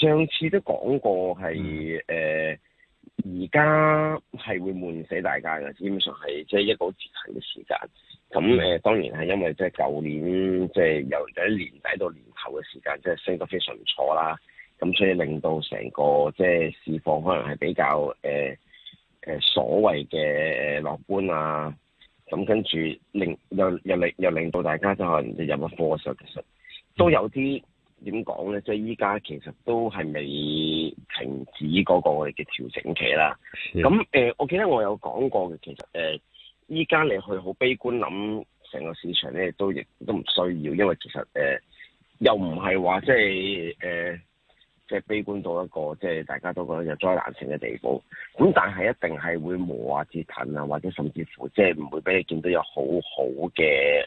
上次都講過係誒，而家係會悶死大家嘅，基本上係即係一個截停嘅時間。咁誒、呃、當然係因為即係舊年即係、就是、由喺年底到年頭嘅時間，即、就、係、是、升得非常唔錯啦。咁所以令到成個即係、就是、市況可能係比較誒誒、呃呃、所謂嘅誒樂觀啊。咁跟住令又又令又令到大家都可能入咗貨嘅時候，其實都有啲，嗯點講咧？即係依家其實都係未停止嗰個我哋嘅調整期啦。咁、yeah. 誒、呃，我記得我有講過嘅，其實誒，依、呃、家你去好悲觀諗成個市場咧，都亦都唔需要，因為其實誒、呃、又唔係話即係誒、呃、即係悲觀到一個即係大家都覺得有災難性嘅地步。咁但係一定係會磨牙折騰啊，或者甚至乎即係唔會俾你見到有很好好嘅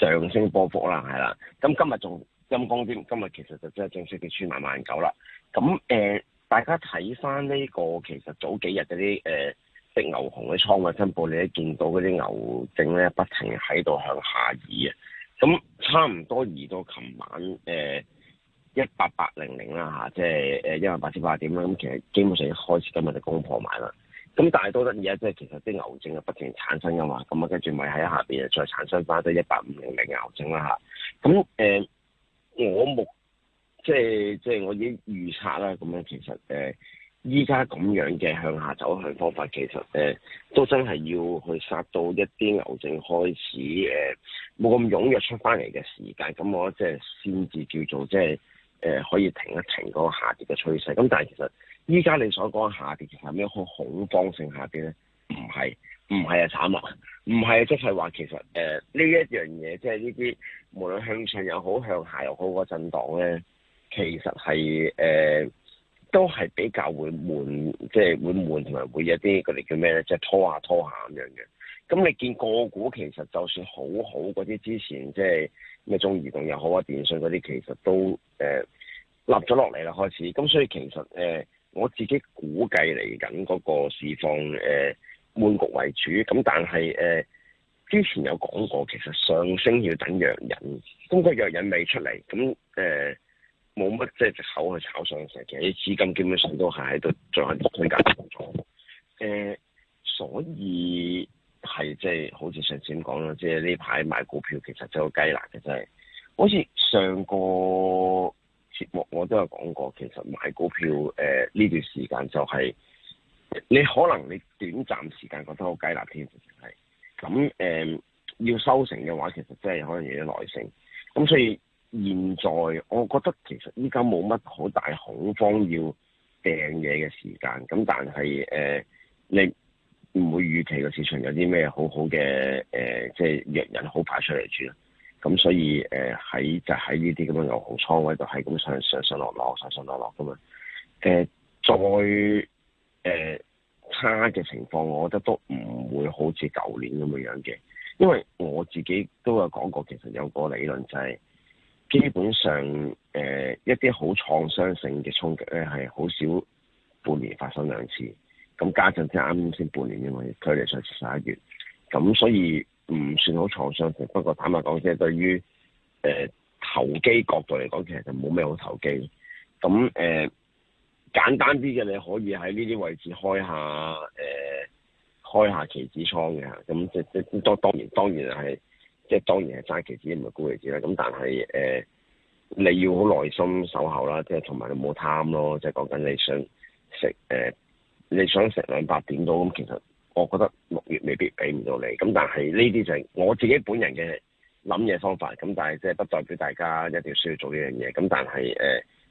誒上升波幅啦，係啦。咁今日仲～陰公啲，今日其實就真係正式嘅穿萬萬九啦。咁誒、呃，大家睇翻呢個其實早幾日嗰啲誒啲牛熊嘅倉位分布，你都見到嗰啲牛證咧不停喺度向下移啊。咁差唔多移到琴晚誒一八八零零啦嚇，即係誒一萬八千八點啦。咁、啊、其實基本上一開始今日就攻破埋啦。咁但係多得而家，即係其實啲牛證啊不停產生嘅嘛。咁啊跟住咪喺下邊再產生翻啲一八五零零牛證啦嚇。咁誒。呃我目即係即係我已經預測啦，咁樣其實誒依家咁樣嘅向下走向方法，其實誒、呃、都真係要去殺到一啲牛證開始誒冇咁踊躍出翻嚟嘅時間，咁我即係先至叫做即係誒、呃、可以停一停嗰個下跌嘅趨勢，咁但係其實依家你所講下跌，其實有咩好恐慌性下跌咧？唔係。唔係啊，慘不是啊！唔係啊，即係話其實誒呢、呃、一樣嘢，即係呢啲無論向上又好，向下又好，那個震盪咧，其實係誒、呃、都係比較會悶，即、就、係、是、會悶同埋會有啲佢哋叫咩咧，即、就、係、是、拖下拖下咁樣嘅。咁你見個股其實就算很好好嗰啲之前即係咩中移動又好啊、電信嗰啲，其實都誒、呃、立咗落嚟啦，開始。咁所以其實誒、呃、我自己估計嚟緊嗰個市況誒。呃慢局為主，咁但係誒、呃、之前有講過，其實上升要等藥引，咁個藥引未出嚟，咁誒冇乜即係隻口去炒上的時候其嘅，啲資金基本上都係喺度做緊推價動作、呃，所以係即係好似上次咁講啦，即係呢排買股票其實真係好雞難嘅，真、就、係、是。好似上個節目我都有講過，其實買股票誒呢、呃、段時間就係、是。你可能你短暫時間覺得好雞肋添，係咁誒，要收成嘅話，其實真係可能要有耐性。咁、嗯、所以現在我覺得其實依家冇乜好大恐慌要掟嘢嘅時間。咁但係誒、呃，你唔會預期個市場有啲咩好好嘅誒，即係弱人好派出嚟住咁、嗯、所以誒喺就喺呢啲咁樣有好倉位度係咁上上上落落上上落落㗎嘛。誒，再。再誒、呃，差嘅情況，我覺得都唔會好似舊年咁嘅樣嘅，因為我自己都有講過，其實有個理論就係、是，基本上誒、呃、一啲好創傷性嘅衝擊咧，係好少半年發生兩次，咁家陣先啱先半年，因為距離上次十一月，咁所以唔算好創傷性，不過坦白講，即係對於誒、呃、投機角度嚟講，其實就冇咩好投機，咁誒。呃簡單啲嘅，你可以喺呢啲位置開一下，誒、呃、開下期指倉嘅，咁即即當當然當然係，即當然係揸期指唔係沽期指啦。咁但係誒、呃，你要好耐心守候啦，即係同埋你冇貪咯。即係講緊你想食誒、呃，你想食兩百點到，咁其實我覺得六月未必俾唔到你。咁但係呢啲就係我自己本人嘅諗嘢方法，咁但係即係不代表大家一定要需要做呢樣嘢。咁但係誒。呃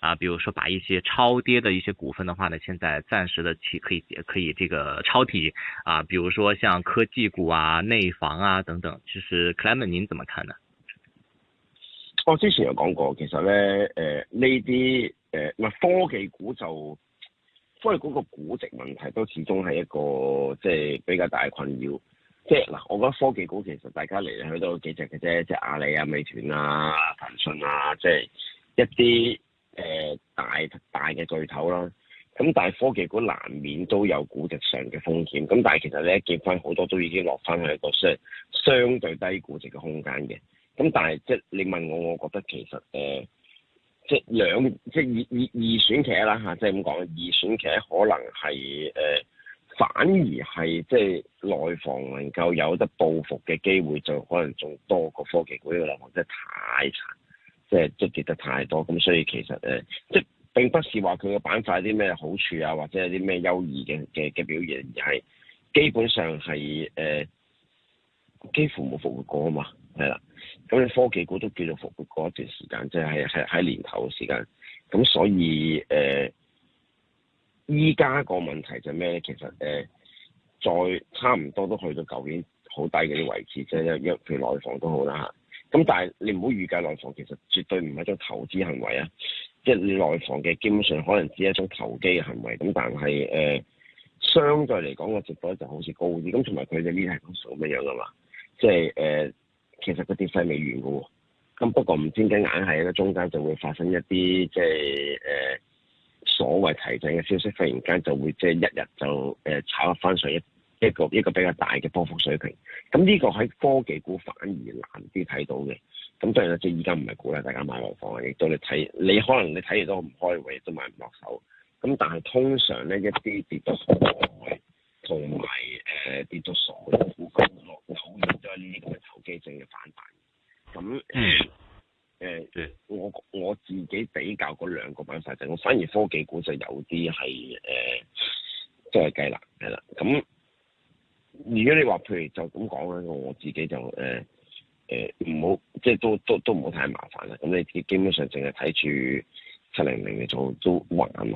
啊，比如說把一些超跌的一些股份的話呢，現在暫時的去可以可以這個抄底啊，比如說像科技股啊、內房啊等等，其實 Clement 您怎麼看呢？我之前有講過，其實呢，誒呢啲誒唔係科技股就科技股個估值問題都始終係一個即係、就是、比較大嘅困擾，即係嗱，我覺得科技股其實大家嚟嚟去去都幾隻嘅啫，即係阿里啊、美團啊、騰訊啊，即、就、係、是、一啲。誒、呃，大大嘅巨頭啦，咁但係科技股難免都有估值上嘅風險，咁但係其實咧，見翻好多都已經落翻去個相相對低估值嘅空間嘅，咁但係即係你問我，我覺得其實誒、呃，即係兩即係二二二選其一啦吓，即係咁講，二選其一可能係誒、呃，反而係即係內房能夠有得報復嘅機會，就可能仲多過科技股，呢個內房真係太慘。即係積極得太多，咁所以其實誒、呃，即係並不是話佢個板塊有啲咩好處啊，或者有啲咩優異嘅嘅嘅表現，而係基本上係誒、呃、幾乎冇復活過啊嘛，係啦，咁你科技股都叫做復活過一段時間，即係係喺年頭嘅時間，咁所以誒，依家個問題就係咩咧？其實誒、呃，再差唔多都去到舊年好低嗰啲位置啫，一一譬如內房都好啦。咁但係你唔好預計內房其實絕對唔係一種投資行為啊，即係內房嘅基本上可能只係一種投機嘅行為。咁但係誒、呃，相對嚟講個值博率就好似高啲。咁同埋佢哋呢啲係屬咩樣噶嘛？即係誒，其實嗰啲跌勢未完噶喎。咁不過唔知點解硬係喺個中間就會發生一啲即係誒、呃、所謂提振嘅消息，忽然間就會即係一日就誒、呃、炒翻上一。一個一個比較大嘅波幅水平，咁、嗯、呢、呢個喺科技股反而難啲睇到嘅。咁、嗯、當然啦，即係而家唔係鼓勵大家買樓房啊，亦都你睇你可能你睇完都唔開胃，亦都買唔落手。咁、嗯、但係通常咧，一啲跌到好耐，同埋誒跌咗傻股咁，落有咗呢啲嘅投機性嘅反彈。咁誒誒，我我，、嗯嗯呃、我，我自己比較兩個兩個板塊，就是、我反而科技股就有啲係誒即係雞肋係啦。咁、呃如果你話，譬如就咁講咧，我自己就誒誒唔好，即係都都都唔好太麻煩啦。咁你基本上淨係睇住七零零嚟做都還可以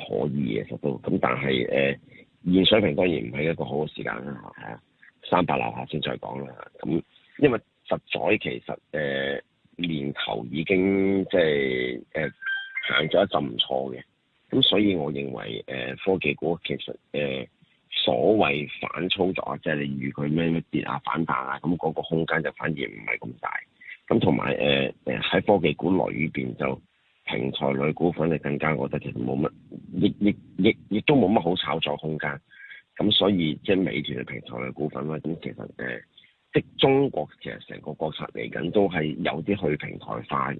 嘅，實都。咁但係誒、呃、現水平當然唔係一個好嘅時間啦，係啊，三百樓下先再講啦。咁、啊、因為實在其實誒、呃、年頭已經即係誒行咗一陣唔錯嘅，咁所以我認為誒、呃、科技股其實誒。呃所謂反操作是它什麼啊，即係你預佢咩咩跌啊反彈啊，咁嗰個空間就反而唔係咁大。咁同埋誒誒喺科技股內裏邊就平台，平台類股份，你更加覺得其實冇乜，亦亦亦亦都冇乜好炒作空間。咁所以即係美團嘅平台嘅股份啦。咁其實誒，即係中國其實成個國策嚟緊都係有啲去平台化。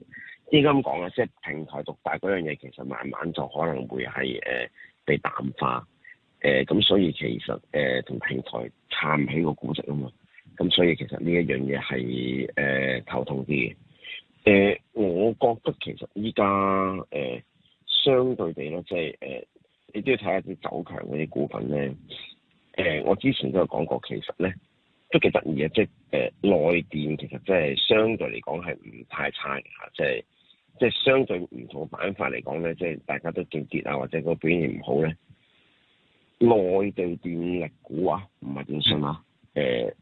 啲咁講嘅即係平台獨大嗰樣嘢，其實慢慢就可能會係誒、呃、被淡化。誒、呃，咁所以其實誒，同、呃、平台撐唔起個估值啊嘛，咁所以其實呢一樣嘢係誒頭痛啲嘅。誒、呃，我覺得其實依家誒相對地咧，即係誒、呃，你都要睇下啲走強嗰啲股份咧。誒、呃，我之前都有講過，其實咧都幾得意嘅。即係誒內電其實即、就、係、是、相對嚟講係唔太差吓，即係即係相對唔同板塊嚟講咧，即係大家都勁跌啊，或者個表現唔好咧。內地電力股啊，唔係點算啊？誒、嗯、誒、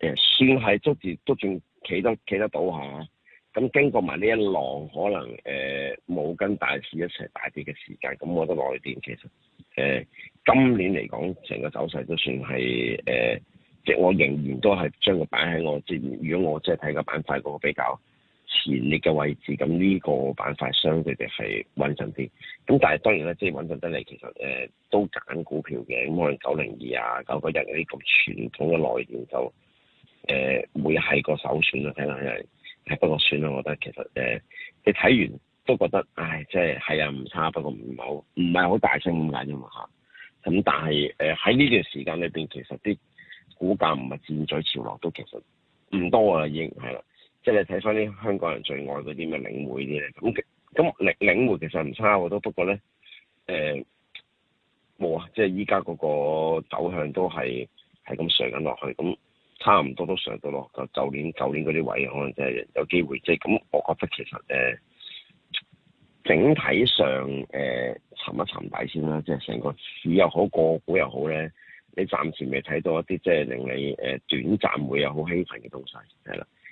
呃，算係捉住，捉住企得企得到下、啊、咁經過埋呢一浪，可能誒冇、呃、跟大市一齊大跌嘅時間，咁我覺得內電其實、呃、今年嚟講，成個走勢都算係即、呃、我仍然都係將佢擺喺我。即係如果我真係睇個板塊嗰個比較前列嘅位置，咁呢個板塊相對地係穩陣啲。咁但係當然啦，即係穩陣得嚟，其實誒、呃、都揀股票嘅，咁可能九零二啊、九九一嗰啲咁傳統嘅內容就誒，唔會係個首選啊。睇落嚟，誒不過算啦，我覺得其實誒、呃，你睇完都覺得，唉、哎，即係係啊，唔差，不過唔好，唔係好大升咁緊啊嘛嚇。咁但係誒喺呢段時間裏邊，其實啲股價唔係戰在潮落，都其實唔多啊，已經係啦。即係你睇翻啲香港人最愛嗰啲咩領匯啲咧，咁咁領領匯其實唔差好多，不過咧誒冇啊，即係依家嗰個走向都係係咁上緊落去，咁差唔多都上到落就舊年舊年嗰啲位，可能即係有機會即係咁。我覺得其實誒、呃、整體上誒、呃、沉一沉底先啦，即係成個市又好，個股又好咧，你暫時未睇到一啲即係令你誒、呃、短暫會有好興奮嘅東西，係啦。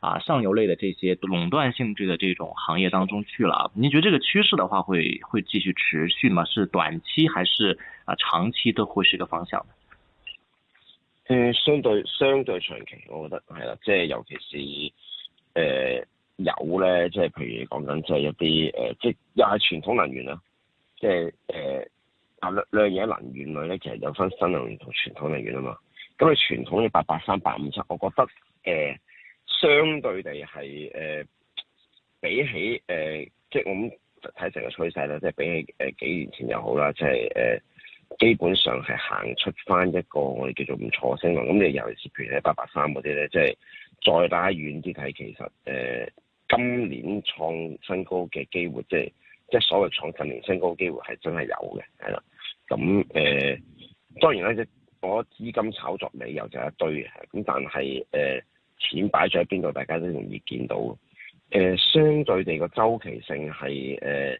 啊，上游類的這些壟斷性質的這種行業當中去了，你覺得這個趨勢的話會會繼續持續嗎？是短期還是啊長期都會是一個方向？誒、嗯，相對相對長期，我覺得係啦，即係尤其是誒油咧，即係譬如講緊即係一啲誒，即係又係傳統能源啦，即係誒啊兩兩嘢能源類咧，其實有分新能源同傳統能源啊嘛。咁你傳統嘅八八三八五七，我覺得誒。呃相對地係誒、呃，比起誒、呃，即係我睇成個趨勢啦，即係比起誒、呃、幾年前又好啦，即係誒，基本上係行出翻一個我哋叫做唔錯嘅升浪。咁你尤其是譬如咧八八三嗰啲咧，即、就、係、是、再打遠啲睇，其實誒、呃、今年創新高嘅機會，即係即係所謂創近年新高嘅機會係真係有嘅，係啦。咁誒、呃、當然啦，即我的資金炒作理由就係一堆嘅，咁但係誒。呃錢擺咗喺邊度，大家都容易見到。誒、呃，相對地個周期性係誒，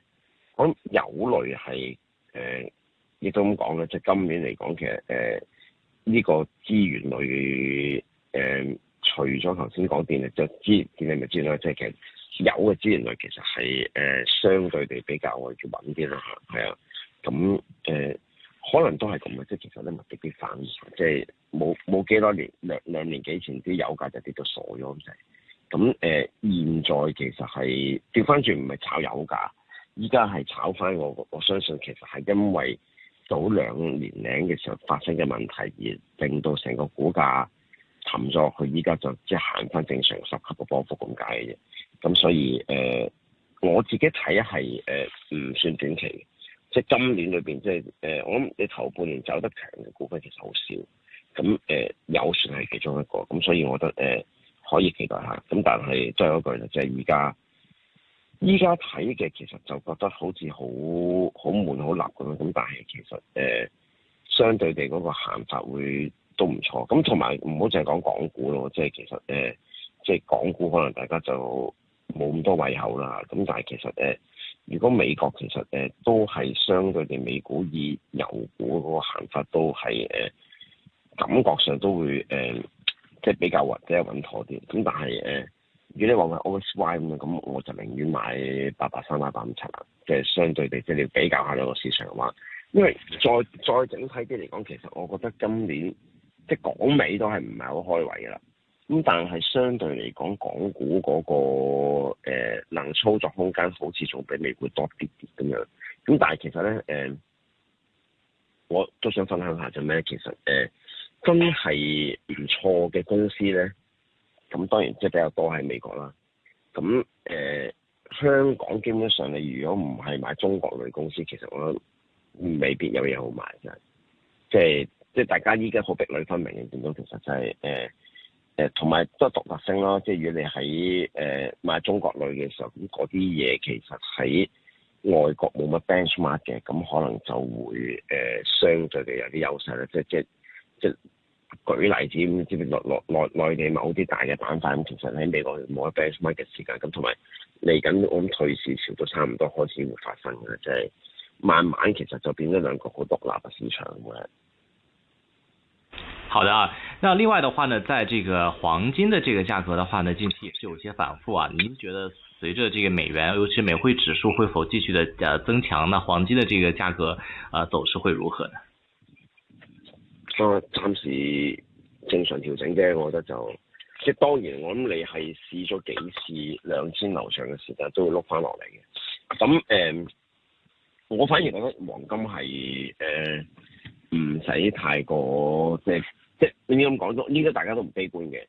咁、呃、油類係誒，亦都咁講啦。即係、就是、今年嚟講，其實誒呢、呃這個資源類誒、呃，除咗頭先講電力，就係、是、資源電力咪知啦。即、就、係、是、其實有嘅資源類其實係誒、呃，相對地比較我哋叫穩啲啦。係啊，咁、嗯、誒。呃可能都係咁嘅，即係其實啲物質啲反應，即係冇冇幾多年兩兩年幾前啲油價就跌到傻咗咁滯，咁誒、呃、現在其實係調翻轉，唔係炒油價，依家係炒翻，我我相信其實係因為早兩年零嘅時候發生嘅問題而令到成個股價沉咗落去，依家就即係行翻正常十級嘅波幅咁解嘅啫。咁所以誒、呃，我自己睇係誒唔算短期。即係今年裏面，即係誒，我諗你頭半年走得強嘅股份其實好少，咁誒、呃、有算係其中一個，咁所以我覺得誒、呃、可以期待下，咁但係真係一句就係而家，依家睇嘅其實就覺得好似好好悶好立。咁樣咁但係其實誒、呃、相對地嗰個行法會都唔錯，咁同埋唔好淨係講港股咯，即係其實誒即係港股可能大家就冇咁多胃口啦，咁但係其實誒。呃如果美國其實誒、呃、都係相對地，美股以油股嗰個行法都係誒、呃、感覺上都會誒、呃、即係比較或者係穩妥啲。咁但係誒、呃，如果你話我係 overweight 咁樣，咁我就寧願買八八三、八五七蚊，即、就、係、是、相對地即係、就是、你比較下兩個市場嘅話，因為再再整體啲嚟講，其實我覺得今年即係港美都係唔係好開胃噶啦。咁但係相對嚟講，港股嗰、那個、呃、能操作空間好似仲比美股多啲啲咁樣。咁但係其實咧，誒、呃、我都想分享下就咩？其實誒、呃、真係唔錯嘅公司咧，咁當然即係比較多喺美國啦。咁誒、呃、香港基本上你如果唔係買中國類公司，其實我覺得未必有嘢好買嘅，即係即係大家依家好壁壘分明嘅，見到其實就係、是、誒。呃誒同埋都係獨特性咯，即係如果你喺誒買中國類嘅時候，咁嗰啲嘢其實喺外國冇乜 benchmark 嘅，咁可能就會誒、呃、相對地有啲優勢啦。即係即係即係舉例子咁，知唔知內內內內地某啲大嘅板塊咁，其實喺美國冇乜 benchmark 嘅時間咁，同埋嚟緊我諗退市潮都差唔多開始會發生嘅，即係慢慢其實就變咗兩個好獨立嘅市場嘅。好的啊，那另外的話呢，在這個黃金的這個價格的話呢，近期也是有些反覆啊。您覺得隨着這個美元，尤其美匯指數會否繼續的呃增強？那黃金的這個價格啊、呃、走勢會如何呢？咁、啊、暫時正常調整啫，我覺得就即當然，我諗你係試咗幾次兩千樓上嘅時間都會碌翻落嚟嘅。咁誒、呃，我反而覺得黃金係誒。呃唔使太過即係，即係點樣講咗，呢個大家都唔悲觀嘅，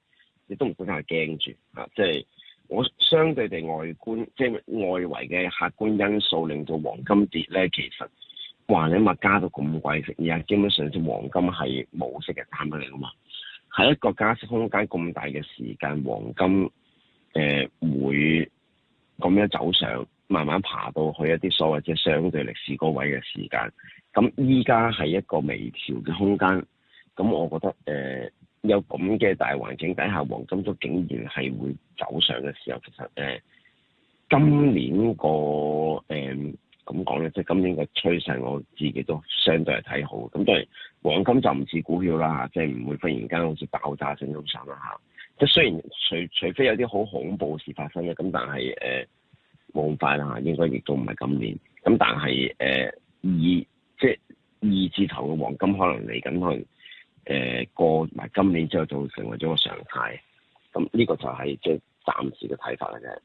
亦都唔會太係驚住啊。即係我相對地外觀，即係外圍嘅客觀因素令到黃金跌咧。其實話你咪加到咁貴，而家基本上隻黃金係冇息嘅產品嚟噶嘛，喺一個加息空間咁大嘅時間，黃金誒、呃、會咁樣走上，慢慢爬到去一啲所謂嘅相對歷史高位嘅時間，咁依家係一個微調嘅空間。咁我覺得誒、呃、有咁嘅大環境底下，黃金都竟然係會走上嘅時候，其實誒、呃、今年個誒咁講咧，即係今年個趨勢我自己都相對係睇好。咁當然黃金就唔似股票啦，即係唔會忽然間好似爆炸性咁上啦嚇。即係雖然除除非有啲好恐怖嘅事發生嘅，咁但係誒。呃冇咁快啦，應該亦都唔係今年。咁但係誒二，即係二字頭嘅黃金可，可能嚟緊去誒過埋今年之後，就會成為咗個常態。咁呢個就係、是、即係暫時嘅睇法嚟啫，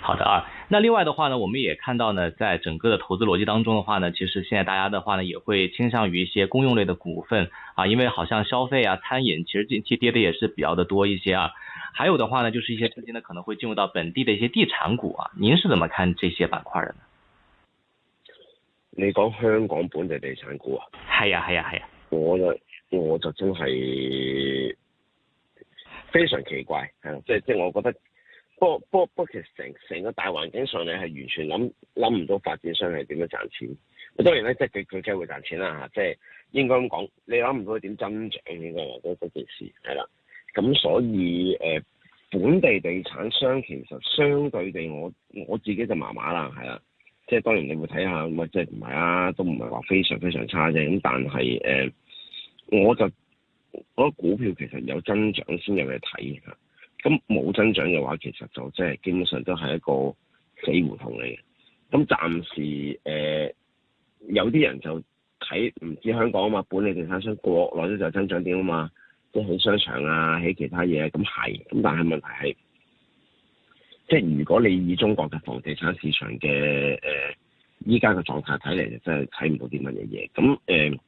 好的啊，那另外的話呢，我們也看到呢，在整個嘅投資邏輯當中嘅話呢，其實現在大家的話呢，也會傾向於一些公用類嘅股份啊，因為好像消費啊、餐飲，其實近期跌的也是比較的多一些啊。還有的話呢，就是一些資金呢，可能會進入到本地的一些地產股啊，您是怎麼看這些板塊的呢？你講香港本地地產股啊？係啊係啊係啊！我就我就真係非常奇怪，係啦，即係即係我覺得，不過不過其實成成個大環境上你係完全諗諗唔到發展商係點樣賺錢，當然咧即佢佢梗會賺錢啦吓，即應該咁講，你諗唔到佢點增長應該都都件事係啦。咁所以誒、呃，本地地產商其實相對地我，我我自己就麻麻啦，係啦，即係當然你會睇下，咪即係唔係啊？都唔係話非常非常差啫。咁但係誒、呃，我就我個股票其實有增長先有嘢睇嘅，咁冇增長嘅話，其實就即係基本上都係一個死胡同嚟。咁暫時誒、呃，有啲人就睇唔知香港啊嘛，本地地產商國內咧就增長點啊嘛，即係喺商場啊，喺其他嘢咁係，咁但係問題係，即係如果你以中國嘅房地產市場嘅誒依家嘅狀態睇嚟，就真係睇唔到啲乜嘢嘢。咁誒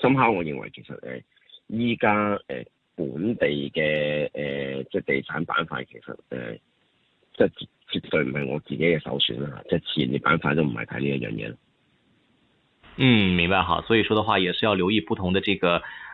深刻，我認為其實誒依家誒本地嘅誒、呃、即係地產板塊，其實誒、呃、即係絕、絕對唔係我自己嘅首選啦。即係前啲板塊都唔係睇呢一樣嘢囉。嗯，明白哈。所以說的話，也是要留意不同的這個。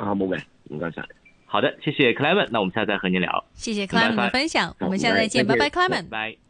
啊，唔會，唔該晒。好的，謝謝 Clayman，那我們下次再和您聊。謝謝 Clayman 的分享，拜拜，我們下次再見，拜拜，Clayman，拜，拜。Clement 拜拜。